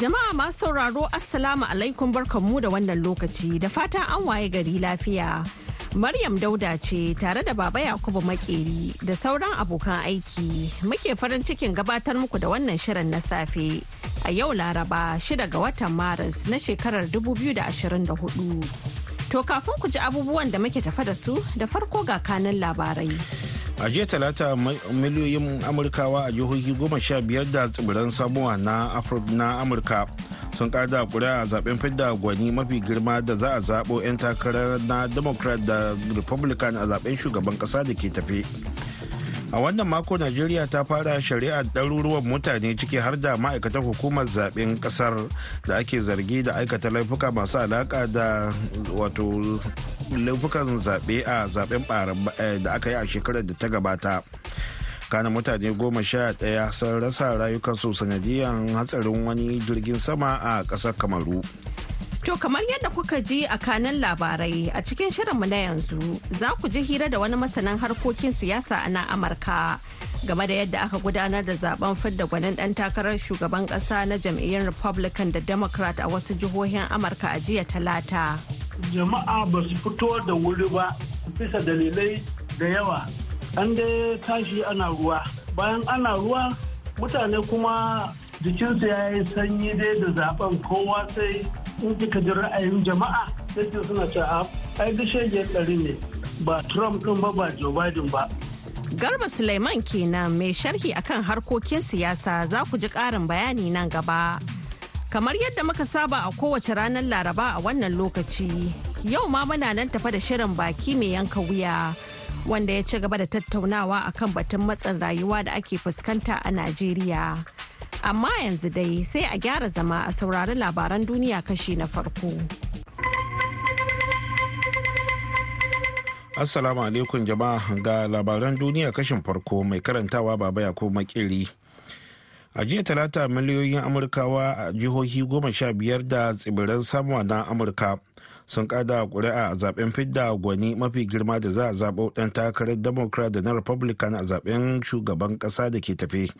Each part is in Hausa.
Jama'a masu sauraro Assalamu alaikum barkanmu da wannan lokaci da fatan an waye gari lafiya. Maryam Dauda ce tare da Baba Yakubu Makeri da sauran abokan aiki muke farin cikin gabatar muku da wannan shirin na safe a yau Laraba shida ga watan Maris na shekarar 2024. To kafin ku ji abubuwan da muke tafa da su da farko ga kanan labarai. a jiya talata miliyoyin amurkawa a jihohi goma sha biyar da tsibiran samuwa na amurka sun kada kuri'a a zaben fidda gwani mafi girma da za a zaɓo 'yan takarar na democrat da republican a zaben shugaban ƙasa da ke tafe. a wannan mako najeriya ta fara shari'ar ɗaruruwan mutane ciki har da ma'aikatan hukumar zaben ƙasar da ake zargi da aikata laifuka masu alaƙa da wato laifukan zaɓe a zaben eh, da aka yi a shekarar da ta gabata kana mutane goma sha ɗaya sun rasa rayukansu sanadiyar hatsarin wani jirgin sama a ƙasar kamaru To kamar yadda kuka ji a kanan labarai a cikin shirinmu na yanzu za ku ji hira da wani masanin harkokin siyasa a nan Amurka game da yadda aka gudanar da zaben fidda gwanin dan takarar shugaban kasa na jam'iyyar Republican da Democrat a wasu jihohin Amurka a jiya talata. Jama'a ba su fito da wuri ba bisa dalilai da yawa. An dai tashi ana ruwa. Bayan ana ruwa mutane kuma jikinsu ya yi sanyi dai da zaben kowa sai in kika ji ra'ayin jama'a sai suna cewa ah, ai gishegiyar ɗari ne ba Trump ɗin ba ba Joe Biden ba. Garba Suleiman kenan mai sharhi akan harkokin siyasa za ku ji ƙarin bayani nan gaba. Kamar yadda muka saba a kowace ranar Laraba a wannan lokaci, yau ma muna nan tafa da shirin baki mai yanka wuya. Wanda ya ci gaba da tattaunawa akan batun matsin rayuwa da ake fuskanta a Najeriya. Amma yanzu dai sai a gyara zama a saurari labaran duniya kashi na farko. Assalamu alaikum jama'a ga labaran duniya kashin farko mai karantawa baba ya ko makili. a jiya talata miliyoyin amurkawa a jihohi goma sha biyar da tsibirin samuwa na amurka sun kada kuri'a a zaben fidda gwani mafi girma da za a zaɓo ɗan takarar democrat da na republican a zaben shugaban ƙasa da ke tafe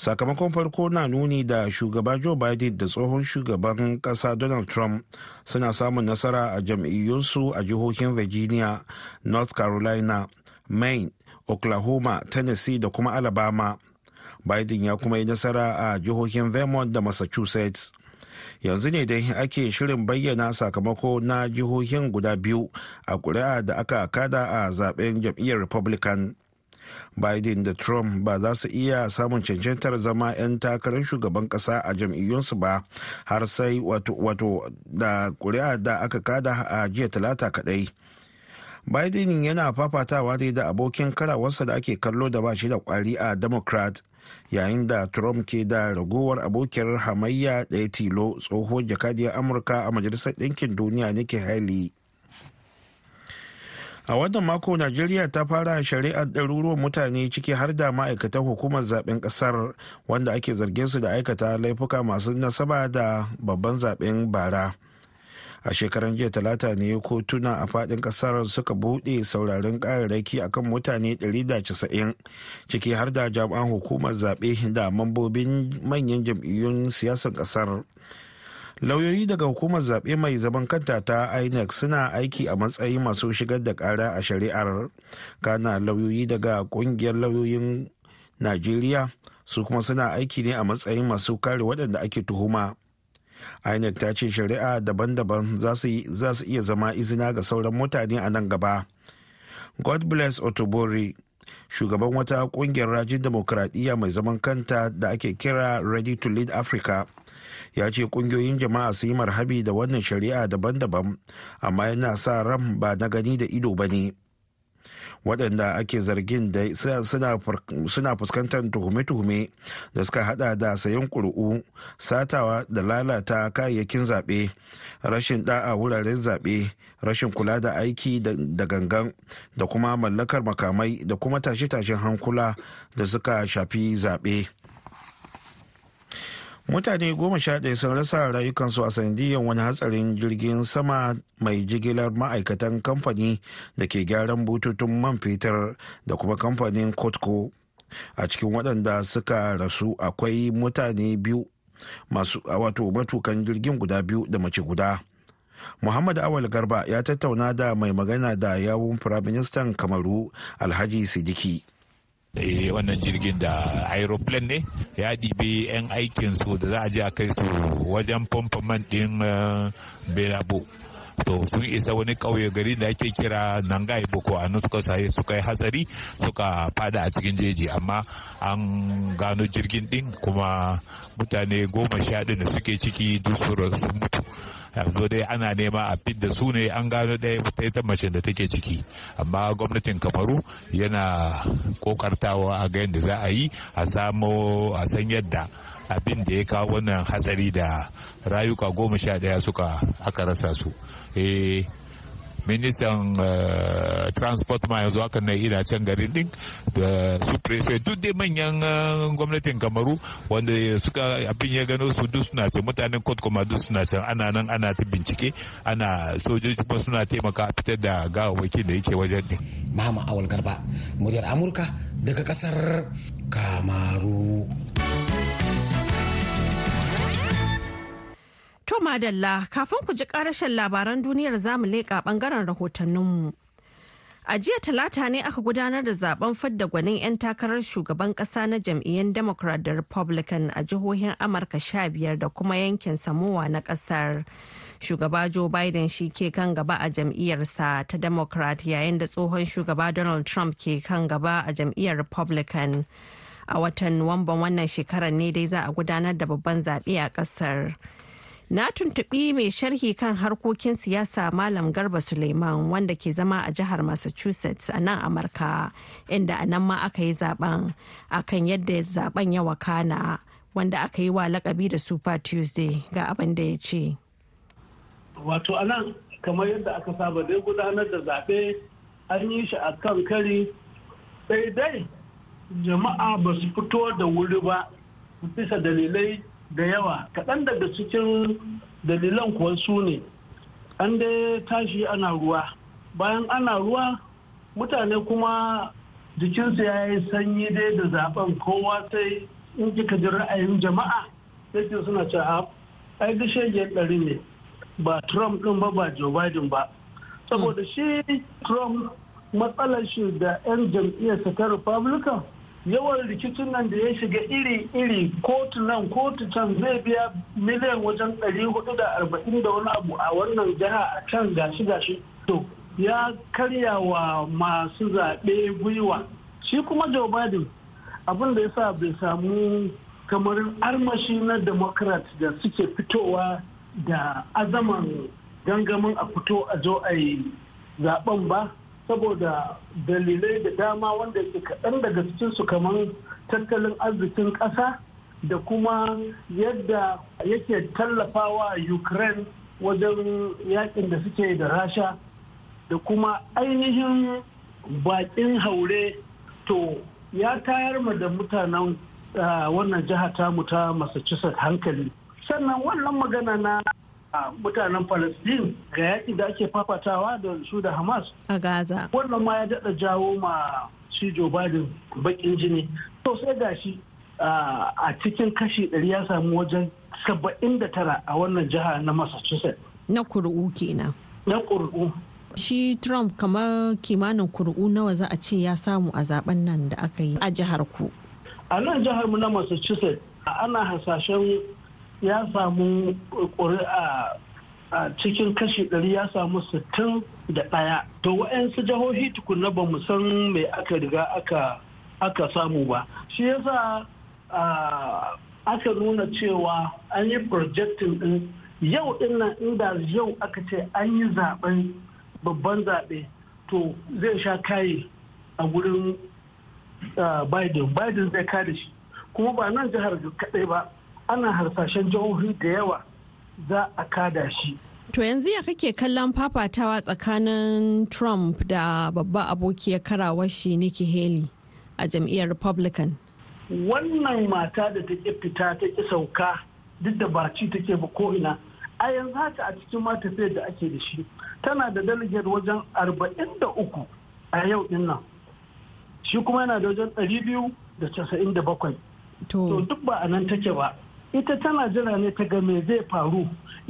sakamakon farko na nuni da shugaba joe biden da tsohon shugaban kasa donald trump suna samun nasara a jam'iyyunsu a jihohin virginia north carolina maine oklahoma tennessee da kuma alabama biden ya kuma yi nasara a jihohin vermont da massachusetts yanzu ne dai ake shirin bayyana sakamako na jihohin guda biyu a kuri'a da aka kada a zaben jam'iyyar republican biden da trump ba za su iya samun cancantar zama 'yan takarar shugaban kasa a jam'iyyunsu ba har sai wato da kuri'a da aka kada a jiya talata kadai biden yana fafatawa dai da abokin karawarsa da ake kallo da ba shi da kwari a democrat yayin da trump ke da ragowar abokiyar hamayya ya tilo tsohon jakadiyar amurka a majalisar ɗinkin duniya nake haley a wannan mako najeriya ta fara shari'ar ɗaruruwan mutane ciki har da ma'aikatan hukumar zaben ƙasar wanda ake zargin su da aikata laifuka masu nasaba da babban zaben bara a shekaran jiya talata ne kotuna a fadin kasar suka buɗe sauraron a akan mutane 190 ciki har da jami'an hukumar zaɓe da mambobin manyan jam'iyyun siyasar ƙasar. kasar lauyoyi daga hukumar zaɓe mai zaman kanta ta inec suna aiki a matsayin masu shigar da ƙara a shari'ar kana lauyoyi daga ƙungiyar lauyoyin najeriya su kuma suna aiki ne a matsayin masu kare waɗanda ake tuhuma inec ta ce shari'a daban-daban za su iya zama izina ga sauran mutane a nan gaba god bless otobori shugaban wata kungiyar rajin demokradiyya mai zaman kanta da ake kira ready to lead africa ya ce kungiyoyin jama'a su yi marhabi da wannan shari'a daban-daban amma yana sa ran ba na gani da ido ba ne waɗanda ake zargin da suna fuskantar tuhume-tuhume da suka hada da sayan kuri'u satawa da lalata kayayyakin zaɓe rashin ɗa'a wuraren zaɓe rashin kula da aiki da gangan da kuma mallakar makamai da kuma tashe-tashen hankula da suka shafi zaɓe. mutane goma sha ɗaya sun rasa rayukansu a sanadiyar wani hatsarin jirgin sama mai jigilar ma'aikatan kamfani da ke gyaran bututun man fetur da kuma kamfanin kotko a cikin waɗanda suka rasu akwai mutane biyu masu wato matukan jirgin guda biyu da mace guda muhammad awal garba ya tattauna da mai magana da yawun firaministan kamaru alhaji sidiki Eh, wannan jirgin da aeroplane ne ya ɗibi 'yan aikin su da za a je a kai su wajen pompaman ɗin eh, belabo to sun isa wani kauye gari da ake kira nangai boko a nan suka saye suka yi hatsari suka fada a cikin jeji amma an gano jirgin din kuma mutane goma sha da suke ciki duk sun mutu yanzu dai ana nema a fidda su ne an gano ɗaya ta ita mace da take ciki amma gwamnatin kamaru yana kokartawa a ga yadda za a yi a samo a san yadda abin da ya kawo wannan hatsari da rayuka goma sha daya suka aka rasa su eh ministan eh, transport ma yanzu hakan na ina can garin din da su prefe duk dai manyan eh, gwamnatin kamaru wanda suka abin ya gano su duk suna ce mutanen court kuma duk suna ce ana nan ana ta bincike ana sojoji kuma suna taimaka a fitar da gawawaki da yake wajen din mama awal garba muryar amurka daga kasar kamaru To Madalla, kafin ku ji karashen labaran duniyar zamu leƙa ɓangaren rahotanninmu. A jiya talata ne aka gudanar da zaben fadda gwanin 'yan takarar shugaban ƙasa na jam'iyyar Democrat da Republican a jihohin Amurka sha biyar da kuma yankin Samowa na ƙasar. Shugaba Joe Biden shi ke kan gaba a jam'iyyarsa ta Democrat yayin da tsohon shugaba Donald Trump ke kan gaba a jam'iyyar Republican. A watan Nuwamban wannan shekarar ne dai za a gudanar da babban zaɓe a ƙasar. Na tuntuɓi mai sharhi kan harkokin siyasa Malam Garba Suleiman wanda ke zama a jihar Massachusetts a nan Amurka inda a nan ma aka yi zaben akan yadda zaben ya wakana wanda aka yi wa lakabi da Super Tuesday ga abin da ya ce. Wato a nan kamar yadda aka saba dai gudanar da zaɓe an yi shi a kan kari sai dai jama'a ba su fito da wuri ba bisa dalilai da yawa kaɗan daga cikin dalilan kuwa su ne an dai tashi ana ruwa bayan ana ruwa mutane kuma jikinsu ya yi sanyi dai da zaben kowa sai in kika ji ra'ayin jama'a sai suna ce a ah, ai gishege ɗari ne ba trump ɗin ba ba joe biden ba saboda shi trump matsalar shi da 'yan jam'iyyarsa ta republican yawan rikicin nan da ya shiga iri-iri kotu nan kotu can zai biya miliyan wajen 440 da wani abu a wannan jiha a can gashi-gashi to ya karya wa masu zaɓe gwiwa shi kuma joe biden abin da ya sa bai samu kamar armashi na democrat da suke fitowa da azaman gangamin a fito a zo a yi zaben ba saboda dalilai da dama wanda ke kaɗan daga cikinsu kamar tattalin arzikin ƙasa da kuma yadda yake tallafawa ukraine wajen yakin da suke da rasha da kuma ainihin bakin haure to ya tayar ma da mutanen ah, wannan jiha tamu ta massachusetts hankali sannan wannan magana na a mutanen Palestine ga yaƙi da ake fafatawa da su da Hamas. A Gaza. Wannan ma ya daɗa jawo ma shi Joe Biden baƙin jini. To sai ga shi a cikin kashi ɗari ya samu wajen saba'in da tara a wannan jiha na Massachusetts. Na kuri'u kenan. Na kuri'u. Shi Trump kamar kimanin kuri'u nawa za a ce ya samu a zaben nan da aka yi a jihar ku. A nan jihar mu na Massachusetts ana hasashen ya samu ƙuri'a a cikin kashi ɗari ya samu sittin da ɗaya to wa'yansu jihohi tukunna ba mu san mai aka riga aka samu ba shi yasa aka nuna cewa an yi projectin ɗin yau nan inda yau aka ce an yi zaɓen babban zaɓe to zai sha kayi a gurin biden biden zai kada shi kuma ba nan jihar kaɗai ba ana harsashen jihohi da yawa za a kada shi To yanzu ya kake kallon fafatawa tsakanin Trump da babba abokiyar karawar shi Nikki Haley a jam'iyyar Republican. Wannan mata da ta ƙi fita ta ƙi sauka duk da baci take ba ko'ina. A yanzu haka a cikin mata da ake da shi tana da delegate wajen arba'in da uku a yau din nan. Shi kuma yana da wajen ɗari biyu da casa'in da bakwai. To duk ba a nan take ba. ita tana jira ne ta ga me zai faru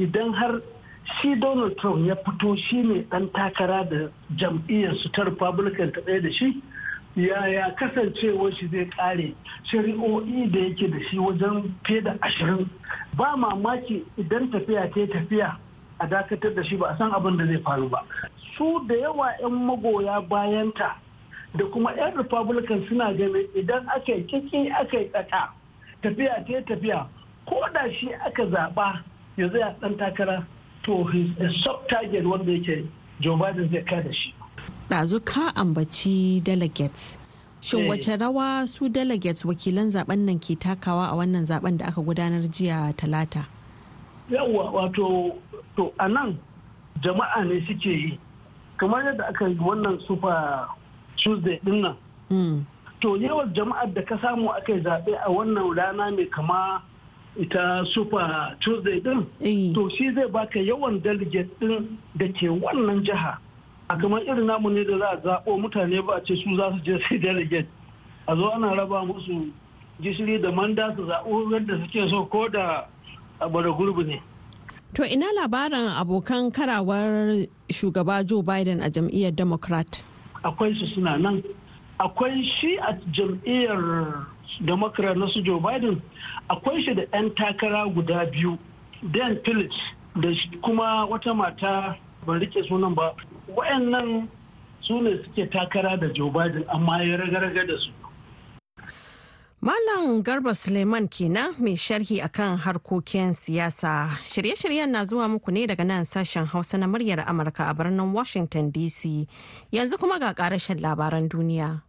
idan har shi donald trump ya fito shi ne dan takara da jam'iyyar su ta republican ta ɗaya da shi yaya kasancewar shi zai kare shari'o'i da yake da shi wajen fiye da ashirin ba mamaki idan tafiya ta tafiya a dakatar da shi ba a san abin da zai faru ba su da yawa 'yan magoya bayanta da kuma 'yan republican suna ganin idan aka yi kiki aka yi tsaka tafiya ta tafiya ko da shi aka zaɓa ya zai ɗan takara to his sub target wanda yake Joe Biden zai kada shi. Ɗazu ka ambaci delegates. Shin eh. wace rawa su delegates wakilan zaben nan ke takawa a wannan zaben da aka gudanar jiya talata? yawa wato to a nan jama'a ne suke yi. Kamar yadda aka yi wannan super Tuesday din nan. Hmm. To yawan jama'ar da ka samu aka yi zaɓe a wannan rana mai kama ita super tuesday din eh. to shi zai baka yawan delegate din da ke wannan jiha a kamar irin namu ne da za a zaɓo mutane ba a ce su za su je sai delegate a zo ana raba musu gishiri da manda su zaɓo yadda suke so ko da a bara gurbi ne to ina labarin abokan karawar shugaba joe biden a jam'iyyar democrat akwai su suna nan akwai shi a jam'iyyar democrat na su joe biden akwai shi da 'yan takara guda biyu dan phillips da kuma wata mata ban rike sunan ba wayannan su ne suke takara da joe biden amma ya raga da su Malam Garba Suleiman kenan mai sharhi akan harkokin siyasa. Shirye-shiryen na zuwa muku ne daga nan sashen Hausa na muryar Amurka a birnin Washington DC. Yanzu kuma ga ƙarashin labaran duniya.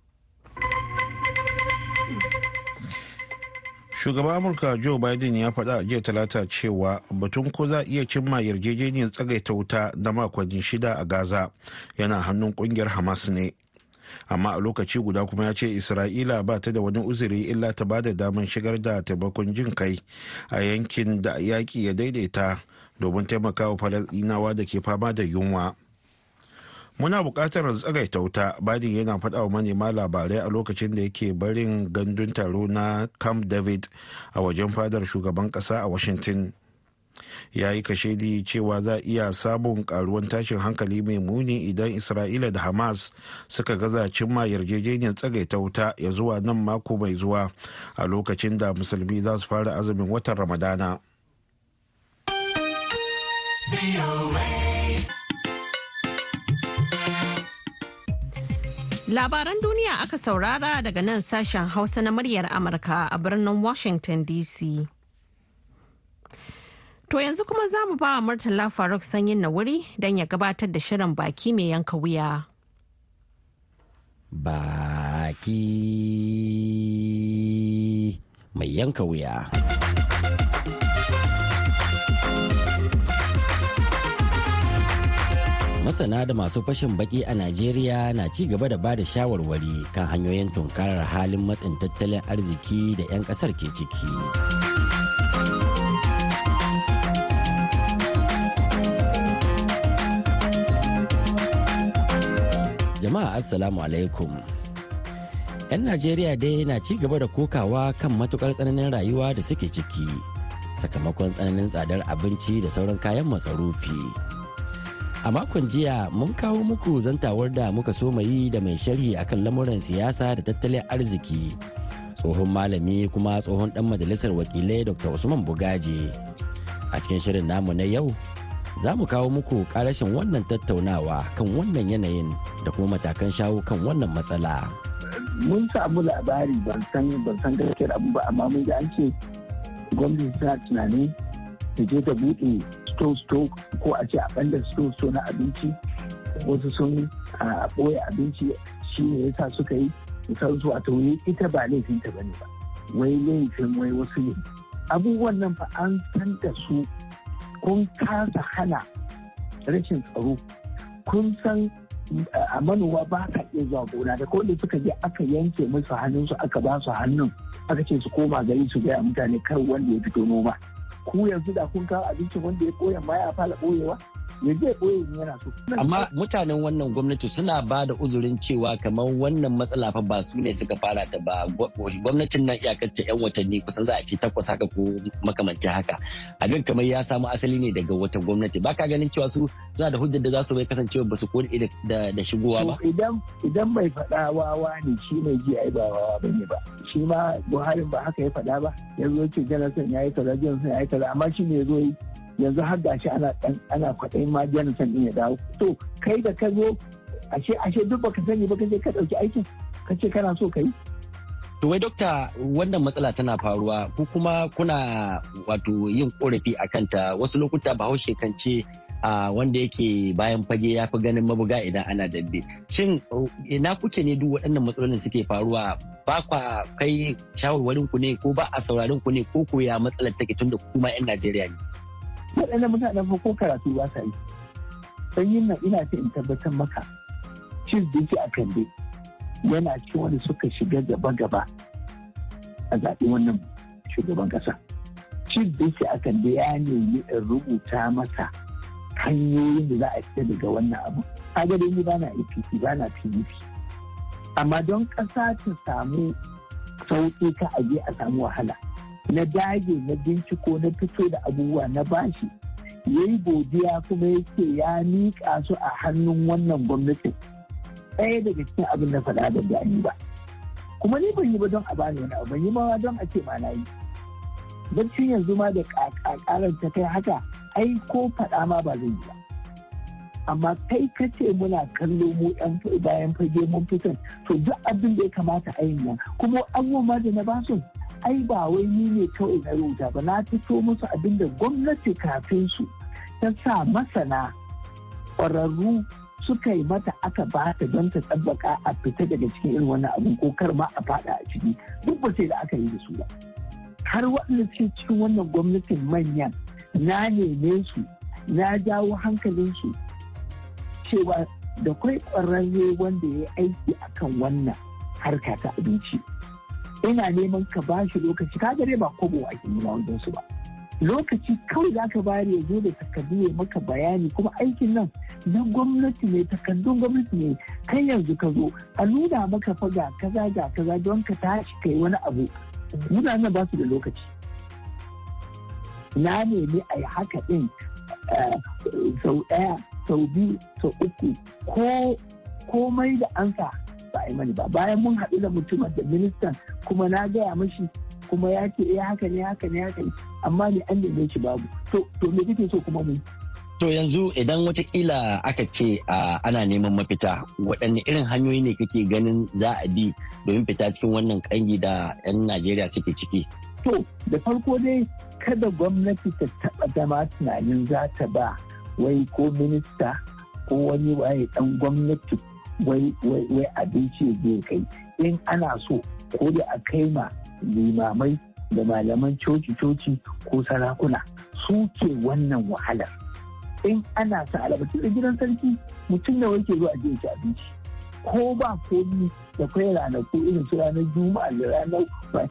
shugaban amurka joe biden ya faɗa a jiya talata cewa batun ko za iya cimma yarjejeniyar tsagaita wuta na makonni shida a gaza yana hannun kungiyar hamas ne amma a lokaci guda kuma ya ce isra'ila ba ta da wani uzuri illa ta ba da damar shigar da taimakon jin kai a yankin da yaƙi ya daidaita domin taimakawa falasɗinawa da ke fama da yunwa muna buƙatar tsagaita wuta biden yana faɗa manema labarai a lokacin da yake barin gandun taro na camp david a wajen fadar shugaban ƙasa a washington ya yi kashedi cewa za a iya samun karuwan tashin hankali mai muni idan isra'ila da hamas suka gaza cimma yarjejeniyar tsagaita wuta ya zuwa nan mako mai zuwa a lokacin da musulmi za su fara azumin watan ramadana. Labaran duniya aka saurara daga nan sashen Hausa na muryar Amurka a birnin Washington DC. To yanzu kuma za mu ba Murtala Faruk sanyin na wuri don ya gabatar da shirin baki mai yanka wuya. Baki mai yanka wuya. masana da masu fashin baki a najeriya na ci gaba da bada shawarwari kan hanyoyin tunkarar halin matsin tattalin arziki da 'yan kasar ke ciki jama'a assalamu alaikum 'yan najeriya dai na ci gaba da kokawa kan matukar tsananin rayuwa da suke ciki sakamakon tsananin tsadar abinci da sauran kayan masarufi. A makon jiya mun kawo muku zantawar da muka so yi da mai sharhi akan lamuran siyasa da tattalin arziki. Tsohon malami kuma tsohon dan majalisar wakilai Dr. Usman Bugaji. A cikin shirin namu na yau, za mu kawo muku karashin wannan tattaunawa kan wannan yanayin da kuma matakan shawo kan wannan matsala. Mun samu labari ban san ban san gaskiyar abu ba amma mun ga an ce gwamnati ta tunani ta je ta buɗe sto ko a ce a banda sto na abinci wasu sun ɓoye abinci shi ne yasa suka yi misal zuwa ta wuri ita ba laifin ta bane ba wai laifin wai wasu ne abubuwan nan fa an san da su kun kasa hana rashin tsaro kun san a manowa ba ka iya zuwa gona da kawai suka je aka yanke musu hannunsu aka ba su hannun aka ce su koma gari su gaya mutane kar wanda ya fito noma ku yanzu da kun kawo abincin wanda ya ɓoye ma ya fara ɓoyewa me zai boye yana so amma mutanen wannan gwamnati suna ba da uzurin cewa kamar wannan matsala fa ba su ne suka fara ta ba gwamnatin nan iyakacce yan watanni kusan za a ce takwas haka ko makamanci haka abin kamar ya samu asali ne daga wata gwamnati ba ka ganin cewa su suna da hujjar da za su bai kasancewa ba su ko da shigowa ba idan idan bai faɗa wawa ne shi ne ji ai ba wawa ba ne ba shi ma Buhari ba haka ya faɗa ba yanzu ya ce Jonathan ya yi kaza Jonathan ya yi kaza amma shi ne ya zo yanzu har gashi ana ana kwaɗayin ma san in ya dawo to kai da ka zo ashe ashe duk baka sani ba je ka ɗauki aikin ka ce kana so ka yi To wai dokta wannan matsala tana faruwa ko kuma kuna wato yin korafi a kanta wasu lokuta bahaushe kan ce a wanda yake bayan fage ya fi ganin mabuga idan ana dambe. Shin ina kuke ne duk waɗannan matsalolin suke faruwa ba kwa kai shawarwarin ku ne ko ba a saurarin ku ne ko ko ya matsalar take tun da kuma 'yan Najeriya ne. waɗannan mutanen fa ko karatu ba sa yi yin nan ina ta in tabbatar maka cin da yake a kande yana ci wanda suka shiga gaba-gaba a zaɓi wannan shugaban ƙasa cin da yake a kande ya nemi in rubuta masa hanyoyin da za a fita daga wannan abu kaga dai ni bana APC bana PDP amma don ƙasa ta samu sauƙi ka aje a samu wahala na dage na binciko na fito da abubuwa na bashi ya yi godiya kuma ya ce ya miƙa su a hannun wannan gwamnatin ɗaya daga cikin abin na faɗa da gani ba kuma ni ban yi ba don a bani wani abu ban yi ma don a ce ma na yi barcin yanzu ma da ƙaƙaƙaran ta kai haka ai ko faɗa ma ba zai yi ba amma kai ka ce muna kallo mu ɗan bayan fage mun fitan to duk abin da ya kamata a yin nan kuma abubuwan ma da na basu ai ba wai ni ne kawai na rubuta ba na fito musu abin da gwamnati kafin su ta sa masana ƙwararru suka yi mata aka ba ta don ta tsabbaka a fita daga cikin irin wannan abin ko kar ma a fada a ciki duk ba sai da aka yi da su ba har waɗanda suke cikin wannan gwamnatin manyan na neme su na jawo hankalinsu cewa da kwai ƙwararre wanda ya yi aiki akan wannan harka ta abinci ina neman ka ba shi lokaci ka gare ba kobo ke nuna wajen su ba lokaci kawai za ka bayar ya zo da takardu ya maka bayani kuma aikin nan na gwamnati ne takardun gwamnati ne Kan yanzu ka zo a nuna maka faga kaza ga kaza don ka tashi kai wani abu nan ba su da lokaci na nemi a yi haka ɗin eh, sau ɗaya sau biyu sau uku ko komai da ansa ba a mani ba bayan mun haɗu da mutumin da ministan kuma na gaya mashi kuma ya ce eh haka ne haka ne haka ne amma ne an neme shi babu to to me kake so kuma mu To yanzu idan watakila aka ce ana neman mafita waɗanne irin hanyoyi ne kake ganin za a bi domin fita cikin wannan ƙangi da 'yan Najeriya suke ciki. To da farko dai kada gwamnati ta taba zama tunanin za ta ba wai ko minista ko wani waye ɗan gwamnati wai wai wai abinci zai kai in ana so ko da a kai ma limamai da malaman coci coci ko sarakuna su ke wannan wahalar in ana sa albarci da gidan sarki mutum da wake zuwa je ci abinci ko ba komi da kai ranaku irin su ranar juma'a da ranar ba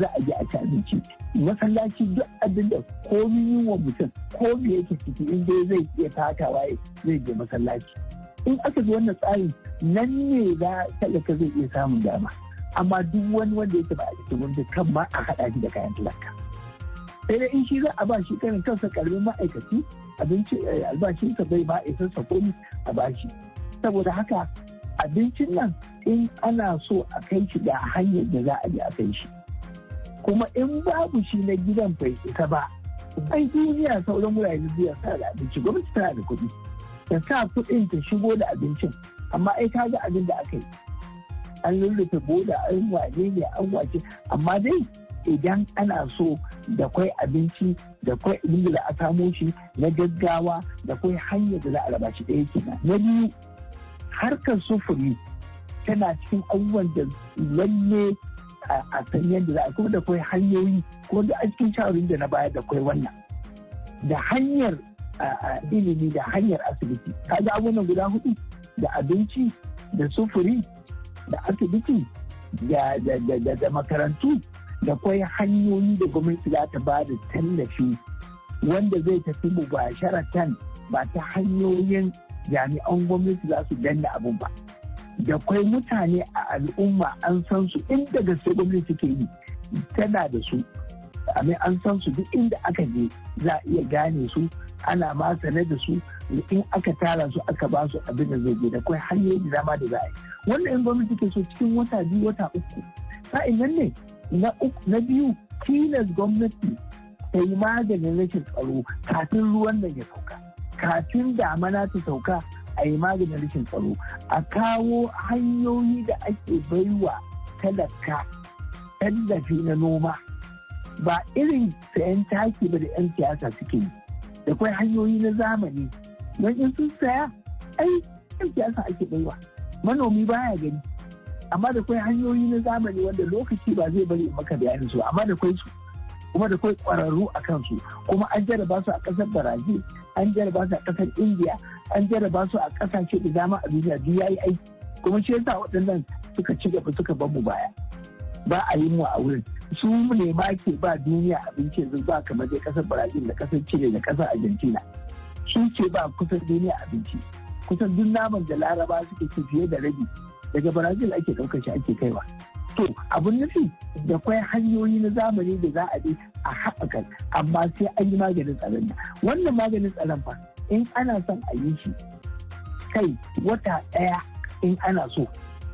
za a je a ci abinci masallaci duk abin da komi yin wa mutum ko me yake ciki in dai zai iya takawa zai je masallaci in aka zo wannan tsarin nan ne za ka zai iya samun dama amma duk wani wanda yake ba a cikin gwamnati kan ma a haɗa shi da kayan talaka sai dai in shi za a ba shi karin kansa karamin ma'aikaci abinci eh, albashinsa bai ba isa sakoni a bashi saboda haka abincin nan in ana so a kai shi da hanyar da za a yi a kai shi kuma in babu shi na gidan bai isa ba ai duniya sauran wurare duniya sa da abinci gwamnati tana da kuɗi ta sa kuɗin ta shigo da abincin amma ai ka ga abin da aka yi an lullufe boda an waje ne an wace amma dai idan ana so da kwai abinci da kwai abin da a samo shi na gaggawa da kwai hanyar da za a raba shi ɗaya kenan na biyu harkar sufuri tana cikin abubuwan da lalle a san yadda za a kuma da kwai hanyoyi ko da a cikin shawarin da na baya da kwai wannan da hanyar a ilimi da hanyar asibiti kaga abubuwan guda hudu da abinci da sufuri da asibiti da makarantu da kwai hanyoyi da gwamnati za ta ba da tallafi wanda zai tafi mu ba sharatan ba ta hanyoyin jami'an gwamnati za su danna abun ba da kwai mutane a al'umma an san su inda gaske gwamnati ke yi tana da su mai an san su duk inda aka je za a iya gane su ana ma sane da su in aka tara su aka ba su abin da zai je da kai hanyoyi da ma da za a yi wannan in gwamnati ke so cikin wata biyu wata uku sa'in nan ne na biyu tilas gwamnati ta yi maganin rashin tsaro kafin ruwan da ya sauka kafin damana ta sauka a yi maganin rashin tsaro a kawo hanyoyi da ake baiwa talaka tallafi na noma ba irin sayan taki ba da 'yan siyasa suke yi da kwai hanyoyi na zamani don in sun saya ai 'yan siyasa ake baiwa manomi baya gani amma da kwai hanyoyi na zamani wanda lokaci ba zai bari maka bayanin su amma da kwai su kuma da kwai kwararru a kan su. kuma an jaraba su a kasar brazil an jaraba su a kasar india an jaraba su a kasashe da dama a duniya duk yayi aiki kuma shi yasa waɗannan suka ci gaba suka bamu baya ba a yi mu a wurin su ne ma ke ba duniya abinci yanzu ba kamar dai kasar brazil da kasar chile da kasar argentina su ke ba kusan duniya abinci kusan duk naman da laraba suke ci fiye da rabi daga brazil ake ɗaukar shi ake kaiwa to abun nufi da kwai hanyoyi na zamani da za a bi a haɓaka amma sai an yi maganin tsaron wannan maganin tsaron fa in ana son a yi shi kai wata ɗaya in ana so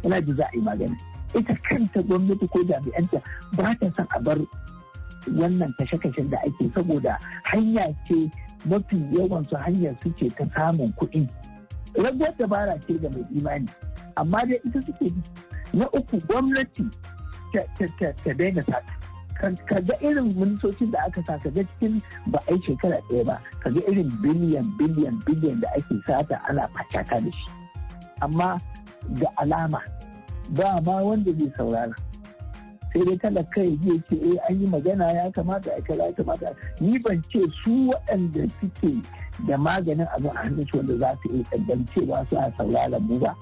yana da za a yi maganin ita kanta gwamnati ko jami'anta ba ta son a bar wannan kashe-kashen da ake saboda hanya ce mafi yawan su hanyar suke ta samun kuɗi raguwar dabara ce ga mai imani amma dai ita suke bi na uku gwamnati ta daina sata ka ga irin ministocin da aka sa ka ga cikin ba a yi shekara ɗaya ba ka ga irin biliyan biliyan biliyan da ake sata ana fashaka da shi amma ga alama ba ma wanda zai saurara sai dai kada kai zai ce eh an yi magana ya kamata a kira ya kamata ni ban ce su waɗanda suke da maganin abin a hannun wanda za su iya ba su a saurara mu ba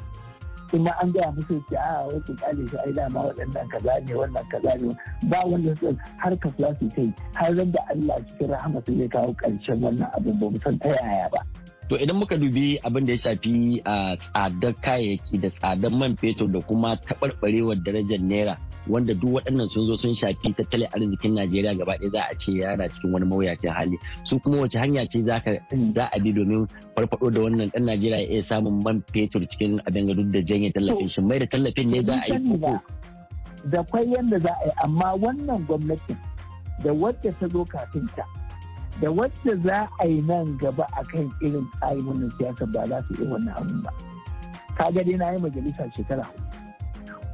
kuma an gaya musu ce a ah, wasu kyale su ai dama waɗannan kaza ne wannan kaza ne ba wanda su har ka su kai har da Allah cikin rahama sun zai kawo ƙarshen wannan abin ba mu san ta yaya ba. To idan muka dubi abin da ya shafi a tsadar kayayyaki da tsadar man fetur da kuma taɓarɓarewar darajar naira wanda duk waɗannan sun zo sun shafi tattalin arzikin Najeriya gaba ɗaya za a ce yana cikin wani mawuyacin hali su kuma wace hanya ce za a bi domin farfaɗo da wannan ɗan Najeriya ya iya samun man fetur cikin abin duk da janye tallafin shi mai da tallafin ne za a yi koko. Da kwai yadda za a yi amma wannan gwamnatin da wacce ta zo kafin ta da wanda za a yi nan gaba a kan irin tsarin wannan siyasa ba za su yi wannan abu ba kaga dai na yi majalisa shekara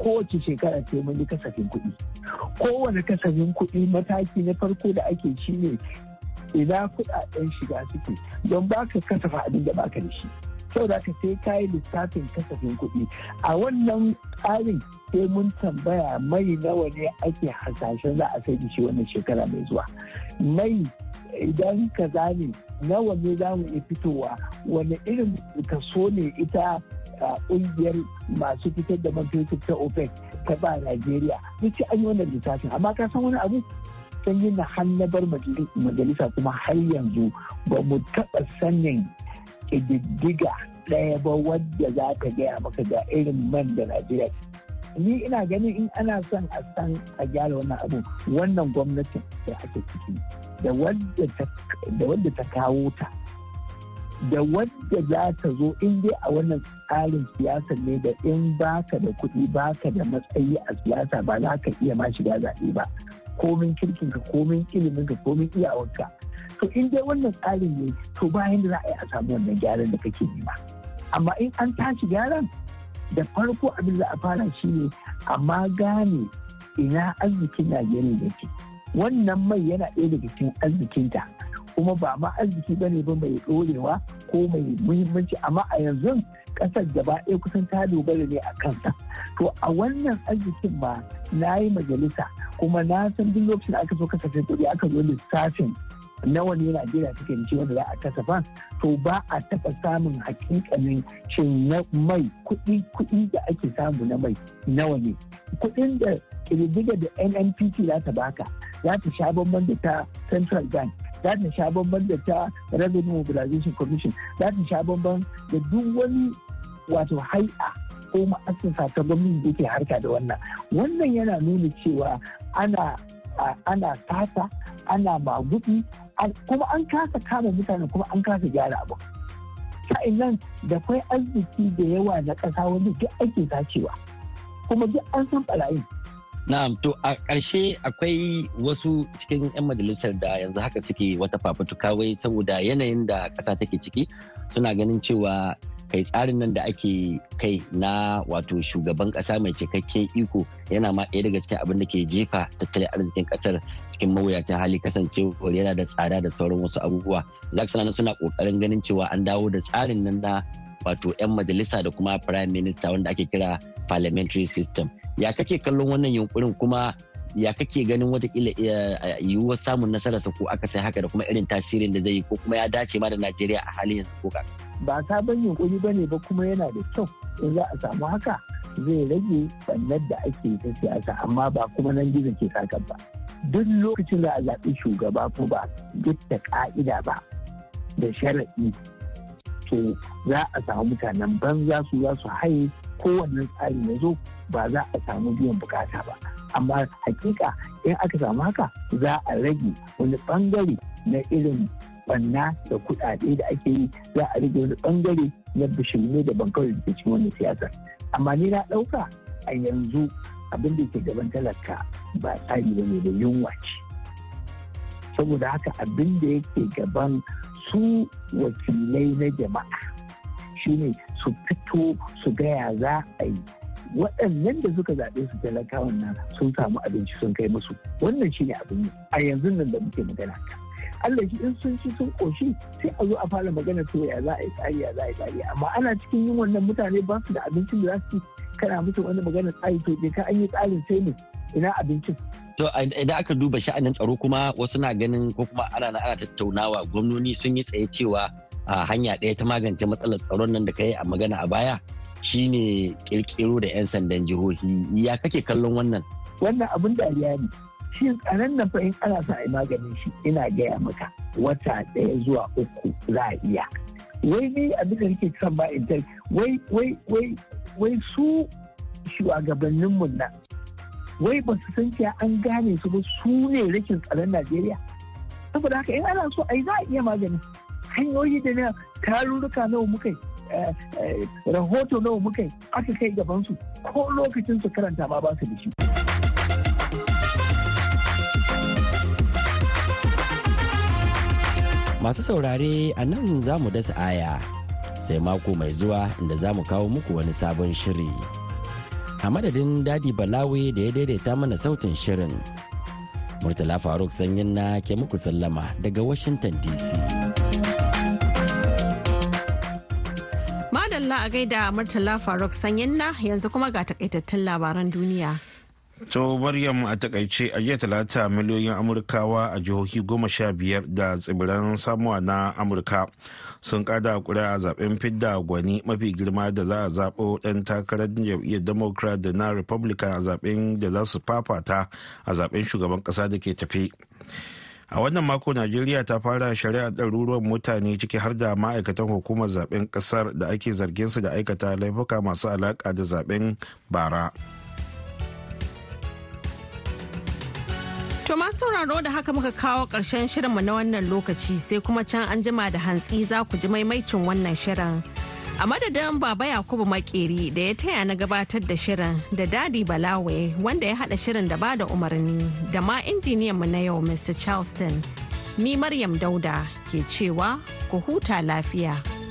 kowace shekara sai mun yi kasafin kuɗi kowane kasafin kuɗi mataki na farko da ake shi ne ina kuɗaɗen shiga suke don baka kasafa abin da baka da shi saboda ka sai ka lissafin kasafin kuɗi a wannan tsarin sai mun tambaya mai nawa ne ake hasashen za a sai da shi wannan shekara mai zuwa mai idan ka zane nawa ne za mu iya fitowa wani irin kaso ne ita ƙungiyar masu fitar da man fetur ta opec ta ba nigeria duk an yi wannan lissafin amma ka san wani abu sanyi na hannabar majalisa kuma har yanzu ba mu taɓa sanin diddiga ɗaya ba wadda za ta gaya maka ga irin man da Najeriya. Ni ina gani in ana son a san a gyara wannan abu wannan gwamnati da ake ciki da wadda ta kawo ta da wadda za ta zo in dai a wannan tsarin siyasa ne da in baka da kuɗi baka da matsayi a siyasa ba za ka iya ma shiga zaɓe ba komin kirkin ka komin ilimin ka komin iyawarka to in dai wannan tsarin ne to bayan da za a yi a samu wannan gyaran da kake nema amma in an tashi gyaran da farko abin da a fara shi ne amma gane ina arzikin najeriya yake wannan mai yana ɗaya daga cikin arzikinta kuma ba ma arziki bane ba mai ɗorewa ko mai muhimmanci amma a yanzu kasar gaba ɗaya kusan ta dogara ne a kansa to a wannan arzikin ma na yi majalisa kuma na san duk lokacin aka so kasafin kuɗi aka zo lissafin nawa ne Najeriya take da wanda za a kasafa to ba a taɓa samun hakikanin shin na mai kuɗi kuɗi da ake samu na mai nawa ne kuɗin da ƙididdiga da NNPC za ta baka za ta sha bambam da ta Central Bank za ta sha bamban da ta revenue mobilization commission za ta sha bamban da duk wani wato hai'a ko ma'asasa ta gwamnati da ke harka da wannan wannan yana nuna cewa ana ana kasa ana maguɗi kuma an kasa kama mutane kuma an kasa gyara abu sa'in nan da kwai arziki da yawa na ƙasa wanda duk ake sacewa kuma duk an san ɓarayin Na'am to a ƙarshe akwai wasu cikin 'yan majalisar da yanzu haka suke wata fafutuka wai saboda yanayin da ƙasa take ciki suna ganin cewa kai tsarin nan da ake kai na wato shugaban ƙasa mai cikakken iko yana ma ɗaya daga cikin abin da ke jefa tattalin arzikin ƙasar cikin mawuyacin hali kasancewar yana da tsada da sauran wasu abubuwa. Za Zaksana suna ƙoƙarin ganin cewa an dawo da tsarin nan na wato 'yan majalisa da kuma prime minister wanda ake kira parliamentary system. ya kake kallon wannan yunkurin kuma ya kake ganin wata watakila yiwuwar samun nasarar sa ko aka sai haka da kuma irin tasirin da zai yi ko kuma ya dace ma da najeriya a halin yanzu ko kaka ba sabon yunkuri ba ne ba kuma yana da kyau in za a samu haka zai rage bannar da ake ta siyasa amma ba kuma nan gizo ke sakan ba duk lokacin za a zaɓi shugaba ko ba duk da ƙa'ida ba da sharaɗi to za a samu mutanen banza su za su haye kowanne tsari ya zo ba za a samu biyan bukata ba amma hakika in aka samu haka za a rage wani bangare na irin banna da kudade da ake yi za a rage wani bangare na bishirme da bangare da cikin wani siyasa amma ni na ɗauka a yanzu abin da ke gaban talaka ba tsari ba ne da yunwa ce saboda haka abin da yake gaban su wakilai na jama'a ne su fito su gaya za a yi waɗannan da suka zaɓe su talakawan nan sun samu abinci sun kai musu wannan shi ne abin a yanzu nan da muke magana ta. Allah shi in sun ci sun koshi sai a zo a fara magana to ya za a yi tsari ya za a yi tsari amma ana cikin yin wannan mutane ba su da abincin da za su kana musu wani magana tsari to je ka an yi tsarin sai ne ina abincin To idan aka duba sha'anin tsaro kuma wasu na ganin ko kuma ana ana tattaunawa gwamnoni sun yi tsaye cewa a hanya ɗaya ta magance matsalar tsaron nan da ka yi a magana a baya shine kirkiro da 'yan sandan jihohi ya kake kallon wannan wannan abin dariya ne shi tsaron nan in ana sa a maganin shi ina gaya maka wata ɗaya zuwa uku za a iya wai ni abin da nake son ba in wai wai wai wai su mu na wai ba su san cewa an gane su ba su ne rikin tsaron Najeriya saboda haka in ana so ai za a iya magani hanyoyi da na tarurruka nawa muka yi eh, eh, rahoto nawa muka yi aka kai gabansu ko lokacin su karanta ma ba su da shi. Masu saurare a nan za mu dasa aya sai mako mai zuwa inda za mu kawo muku wani sabon shiri. A madadin Dadi Balawe da ya daidaita mana sautin shirin. Murtala Faruk Sanyin na ke muku sallama daga Washington DC. za a gaida Murtala Faruk Sanyinna yanzu kuma ga takaitattun labaran duniya. To Maryam a takaice a jiya talata miliyoyin Amurkawa a jihohi goma sha biyar da tsibiran samuwa na Amurka sun kada kura a zaben fidda gwani mafi girma da za a zaɓo ɗan takarar jam'iyyar Democrat da na Republican a zaben da za su fafata a zaben shugaban ƙasa da ke tafi. a wannan mako najeriya ta fara shari'ar ɗaruruwan mutane ciki har da ma'aikatan hukumar zaben ƙasar da ake zargin su da aikata laifuka masu alaƙa da zaben bara To masu sauraro da haka muka kawo ƙarshen shirinmu na wannan lokaci sai kuma can an jima da hantsi za ku ji maimaicin wannan shirin. A madadin Baba Yakubu Makeri da ya taya na gabatar da shirin da Dadi Balawe wanda ya haɗa shirin da bada umarni da ma injiniyan mu na yau Mr. Charleston. Ni Maryam Dauda ke cewa ku huta lafiya.